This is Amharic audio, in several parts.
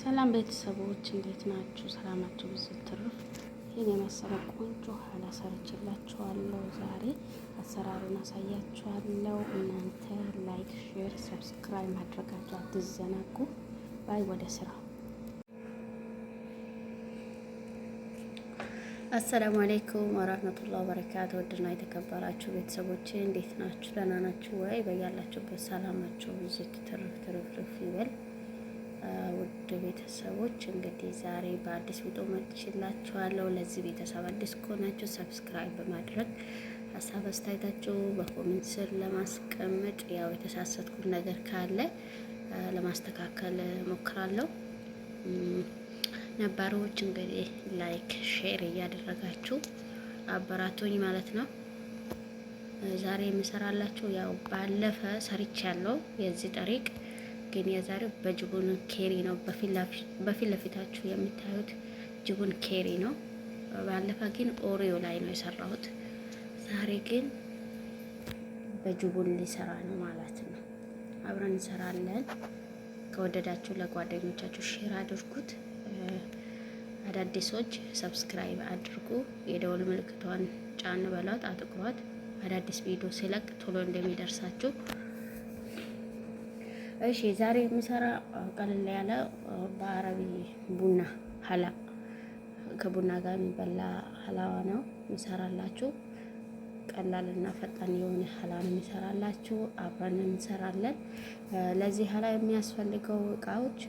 ሰላም ቤተሰቦች እንዴት ናችሁ? ሰላማችሁ ብዙ ትርፍ። ይህን የመሰለ ቆንጆ ሀላ ሰርችላችኋለሁ። ዛሬ አሰራሩን አሳያችኋለሁ። እናንተ ላይክ፣ ሼር፣ ሰብስክራይብ ማድረጋችሁ አትዘናጉ። ባይ ወደ ስራ። አሰላሙ አሌይኩም ወራህመቱላ ወበረካቱ። ውድና የተከበራችሁ ቤተሰቦች እንዴት ናችሁ? ደህና ናችሁ ወይ? በያላችሁበት ሰላማችሁ ብዙ ትርፍ ትርፍ ይበል። ውድ ቤተሰቦች እንግዲህ ዛሬ በአዲስ ቪዲዮ መጥቼላችኋለሁ። ለዚህ ቤተሰብ አዲስ ከሆናችሁ ሰብስክራይብ በማድረግ ሀሳብ አስተያየታችሁ በኮሜንት ስር ለማስቀመጥ ያው የተሳሳትኩት ነገር ካለ ለማስተካከል ሞክራለሁ። ነባሪዎች እንግዲህ ላይክ ሼር እያደረጋችሁ አበራቶኝ ማለት ነው። ዛሬ የምሰራላችሁ ያው ባለፈ ሰርቻለሁ የዚህ ጠሪቅ ግን የዛሬው በጅቡን ኬሪ ነው። በፊት ለፊታችሁ የምታዩት ጅቡን ኬሪ ነው። ባለፈ ግን ኦሪዮ ላይ ነው የሰራሁት። ዛሬ ግን በጅቡን ሊሰራ ነው ማለት ነው። አብረን እንሰራለን። ከወደዳችሁ ለጓደኞቻችሁ ሼር አድርጉት። አዳዲሶች ሰብስክራይብ አድርጉ። የደወል ምልክቷን ጫን በሏት፣ አጥቁሯት። አዳዲስ ቪዲዮ ሲለቅ ቶሎ እንደሚደርሳችሁ እሺ ዛሬ የምሰራ ቀለል ያለ በአረቢ ቡና ሀላ ከቡና ጋር የሚበላ ሀላዋ ነው የምሰራላችሁ። ቀላልና ፈጣን የሆነ ሀላ ነው የምሰራላችሁ፣ አብረን እንሰራለን። ለዚህ ሀላ የሚያስፈልገው እቃዎች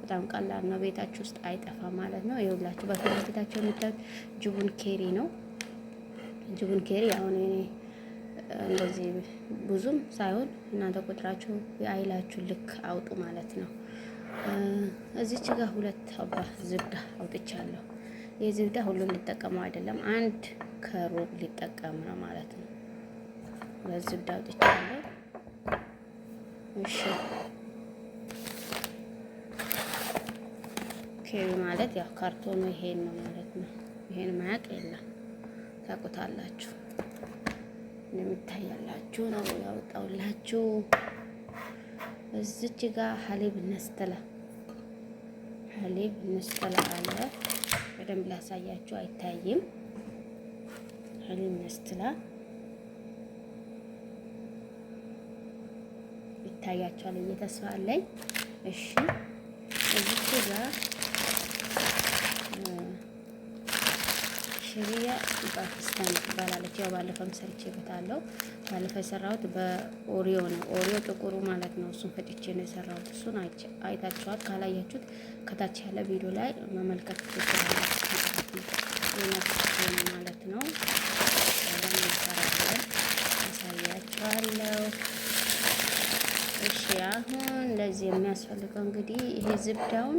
በጣም ቀላል ነው፣ ቤታችሁ ውስጥ አይጠፋ ማለት ነው። ይኸውላችሁ በፊት ለፊታቸው የምታዩት ጅቡን ኬሪ ነው። ጅቡን ኬሪ አሁን እንደዚህ ብዙም ሳይሆን እናንተ ቁጥራችሁ የአይላችሁ ልክ አውጡ ማለት ነው። እዚች ጋር ሁለት አባ ዝብዳ አውጥቻለሁ። ይህ ዝብዳ ሁሉም ሊጠቀመው አይደለም፣ አንድ ከሩብ ሊጠቀም ነው ማለት ነው። ሁለት ዝብዳ አውጥቻለሁ። እሺ ኬቢ ማለት ያው ካርቶኑ ይሄን ነው ማለት ነው። ይሄን ማያቅ የለም ታውቁታላችሁ። እንደሚታያላችሁ ነው ያወጣውላችሁ። እዚች ጋ ሀሊብ ነስተላ ሀሊብ ነስተላ አለ። በደንብ ላሳያችሁ አይታይም። ሀሊብ ነስተላ ይታያችኋል እየተስፋ አለኝ። እሺ እዚች ጋር ሸሪያ ፓኪስታን ትባላለች። ያው ባለፈውም ሰርቼበታለሁ። ባለፈ የሰራሁት በኦሪዮ ነው። ኦሪዮ ጥቁሩ ማለት ነው። እሱን ፈጭቼ ነው የሰራሁት። እሱን አይታችኋል። ካላያችሁት ከታች ያለ ቪዲዮ ላይ መመልከት ትችላላችሁ ማለት ነው። ሰራለን እሺ አሁን ለዚህ የሚያስፈልገው እንግዲህ ይሄ ዝብዳውን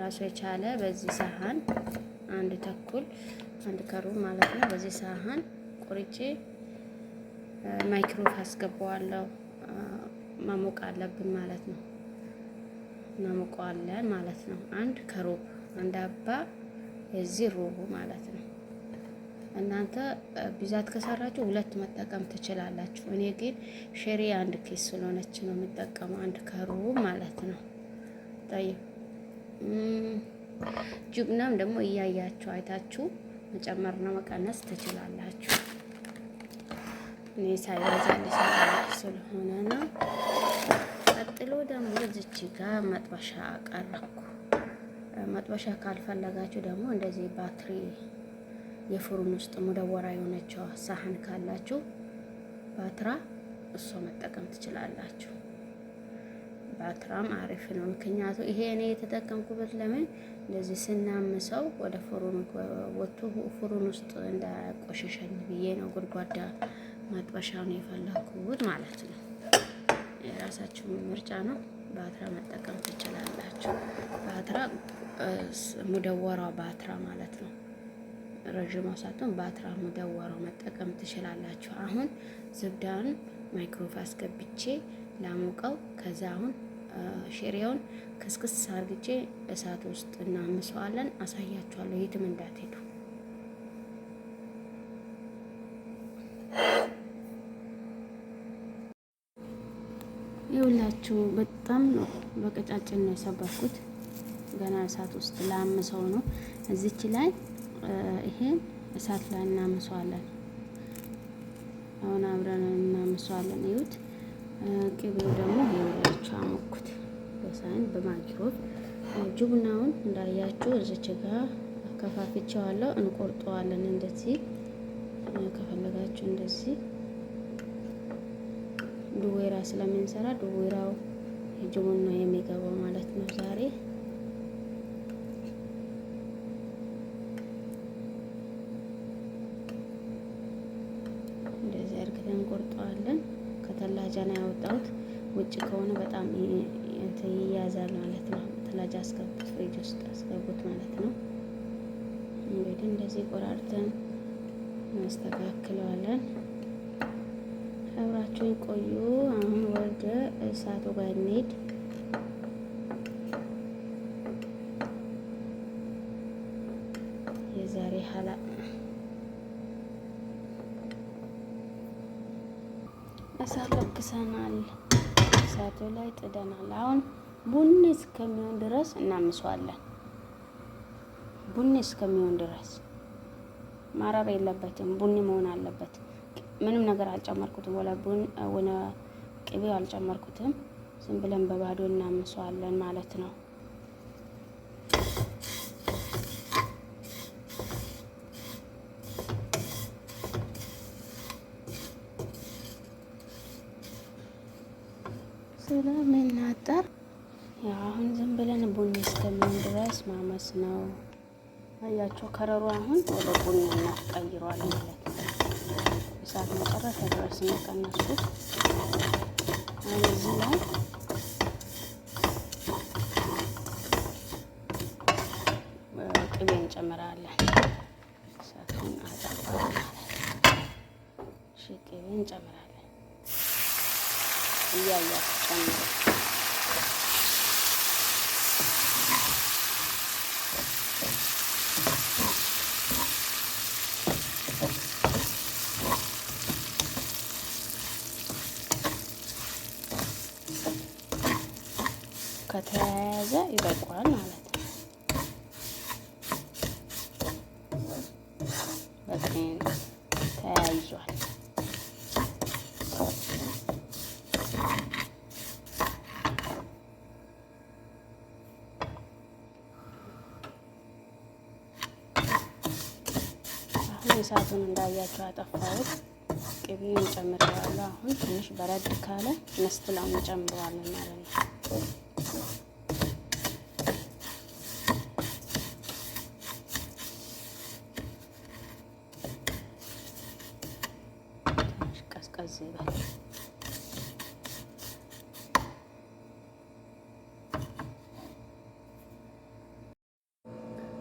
ራሱ የቻለ በዚህ ሰሀን አንድ ተኩል አንድ ከሩብ ማለት ነው። በዚህ ሳህን ቆርጬ ማይክሮፍ አስገባዋለሁ። ማሞቅ አለብን ማለት ነው። እናሞቀዋለን ማለት ነው። አንድ ከሩብ አንድ አባ የዚህ ሩቡ ማለት ነው። እናንተ ብዛት ከሰራችሁ ሁለት መጠቀም ትችላላችሁ። እኔ ግን ሽሪ አንድ ኬስ ስለሆነች ነው የምጠቀመው። አንድ ከሩብ ማለት ነው። ጣይ ጅብናም ደግሞ እያያችሁ አይታችሁ መጨመርና መቀነስ ትችላላችሁ። እኔ ሳይበዛ ስለሆነ ነው። ቀጥሎ ደግሞ እዚች ጋር መጥበሻ አቀረብኩ። መጥበሻ ካልፈለጋችሁ ደግሞ እንደዚህ ባትሪ የፍሩን ውስጥ ሙደወራ የሆነችው ሳህን ካላችሁ ባትራ እሷ መጠቀም ትችላላችሁ። ባትራም አሪፍ ነው። ምክንያቱ ይሄ እኔ የተጠቀምኩበት ለምን እንደዚህ ስናምሰው ወደ ፍሩን ወጥቶ ፍሩን ውስጥ እንዳቆሸሸኝ ብዬ ነው ጎድጓዳ መጥበሻ ነው የፈለኩት ማለት ነው። የራሳችሁ ምርጫ ነው። ባትራ መጠቀም ትችላላችሁ። ባትራ ሙደወራ ባትራ ማለት ነው። ረዥም ሳቱን ባትራ ሙደወራ መጠቀም ትችላላችሁ። አሁን ዝብዳን ማይክሮፋስ ገብቼ ላሞቀው ከዛ አሁን ሽሬውን ክስክስ አርግቼ እሳት ውስጥ እናምሰዋለን። አሳያችኋለሁ የትም እንዳትሄዱ። ይውላችሁ በጣም ነው በቀጫጭን ነው የሰበርኩት። ገና እሳት ውስጥ ላምሰው ነው። እዚች ላይ ይሄን እሳት ላይ እናምሰዋለን። አሁን አብረን እናምሰዋለን። ይዩት። ቅቤው ደግሞ ይኸውላችሁ አሞኩት በሳህን በማይክሮብ ጁብናውን እንዳያችሁ እዚች ጋር ከፋፍቼዋለሁ። እንቆርጠዋለን እንደዚህ ከፈለጋችሁ እንደዚህ ድዌራ ስለምንሰራ ዱዌራው ጅቡና የሚገባው ማለት ነው ዛሬ ተላጃ ነው ያወጣሁት። ውጭ ከሆነ በጣም ይያዛል ማለት ነው። ጥላጃ አስገቡት፣ ፍሪጅ ውስጥ አስገቡት ማለት ነው። እንግዲህ እንደዚህ ቆራርተን እናስተካክለዋለን። አብራችሁን ቆዩ። አሁን ወደ እሳቱ ጋር እንሂድ። የዛሬ ሀላ እሳቱ ጠብሰናል። እሳቱ ላይ ጥደናል። አሁን ቡኒ እስከሚሆን ድረስ እናምሷለን። ቡኒ እስከሚሆን ድረስ ማረር የለበትም። ቡኒ መሆን አለበት። ምንም ነገር አልጨመርኩትም። ወላ ቡን ወነ ቅቤው አልጨመርኩትም። ዝም ብለን በባዶ እናምሷለን ማለት ነው። ስለምናጠር ያው አሁን ዝም ብለን ቡኒ እስከሚሆን ድረስ ማመስ ነው። አያቸው ከረሩ አሁን ወደ ቡኒ ቀይሯል ማለት ነው። እሳት መጨረሻ ድረስ ነው የቀነሱት። aí a e vai com a nada. Batendo. Até aí, እሳቱን እንዳያቸው አጠፋሁት። ቅቤውን ጨምሬዋለሁ። አሁን ትንሽ በረድ ካለ ነስትላውን ጨምረዋለን ማለት ነው። ትንሽ ቀዝቀዝ ይበል።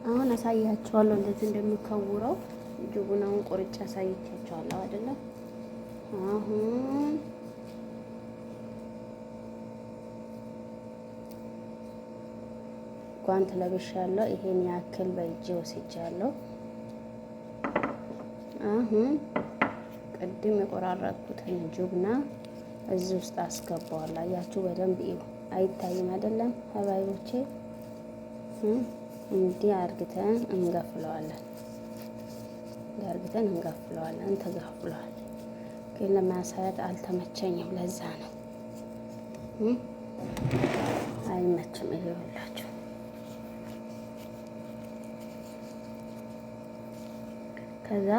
አሁን አሳያችኋለሁ እንደዚህ እንደሚከውረው ጅቡናውን ቁርጫ አሳይቻቸዋለሁ አይደለም። አሁን ጓንት ለብሻለሁ። ይሄን ያክል በእጄ ወስጃለሁ። አሁን ቅድም የቆራረጥኩትን ጅቡና እዚህ ውስጥ አስገባዋል። አያችሁ በደንብ አይታይም አይደለም? ሀባይቦቼ እንዲህ አድርግተን እንገፍለዋለን። አርግተን እንጋፍለዋለን። ተጋፍለዋል፣ ግን ለማሳየት አልተመቸኝም። ለዛ ነው አይመችም። እየውላችሁ ከዛ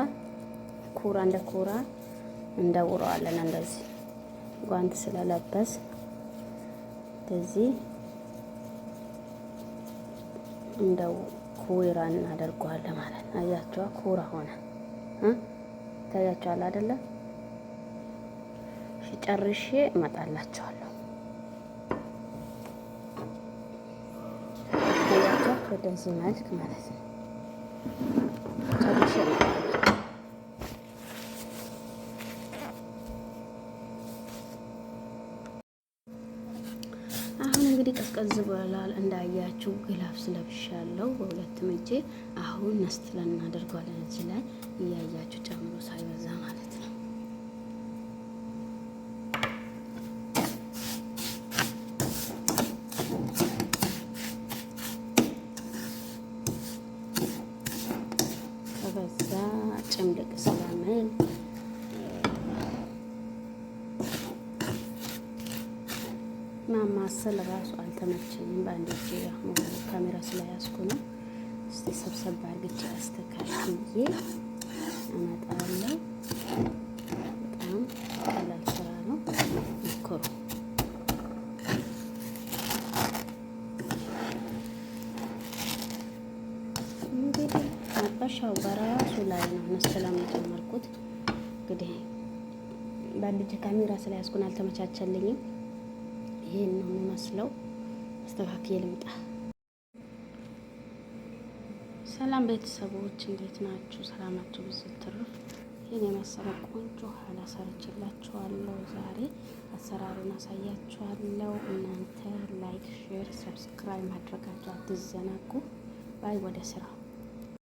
ኩራ እንደ ኩራ እንደውረዋለን። እንደዚህ ጓንት ስለለበስ እንደዚህ እንደው ኩራ እናደርገዋለን ማለት ነው። አያቸዋ ኩራ ሆነ ታያቸዋል አይደለ? ጨርሼ እመጣላቸዋለሁ። አያቸዋ ወደዚህ መልክ ማለት ነው። እንግዲህ ቀዝቀዝ ብሏል። እንዳያችሁ ግላፍስ ለብሻለሁ በሁለቱም እጄ። አሁን ነስትለን ለእናደርገዋለን እዚህ ላይ እያያችሁ ጨምሮ ሳይበዛ ማለት ነው። ማሰል ራሱ አልተመቸኝም። በአንድ እጄ ካሜራ ስለያዝኩ ነው። እስቲ ሰብሰብ አድርጌ አስተካክዬ እመጣለሁ። በጣም ቀላል ስራ ነው፣ ሞክሩ። እንግዲህ መጠሻው በራሱ ላይ ነው መስላም የጨመርኩት። እንግዲህ በአንድ እጄ ካሜራ ስለያዝኩን አልተመቻቸልኝም። ይሄን ነው የሚመስለው። አስተካክዬ ልምጣ። ሰላም ቤተሰቦች እንዴት ናችሁ? ሰላማችሁ ብዙ ትርፍ። ይህን የመሰለ ቆንጆ ሀላ ሰርችላችኋለሁ። ዛሬ አሰራሩን አሳያችኋለሁ። እናንተ ላይክ፣ ሼር፣ ሰብስክራይብ ማድረጋችሁ አትዘናጉ። ባይ ወደ ስራ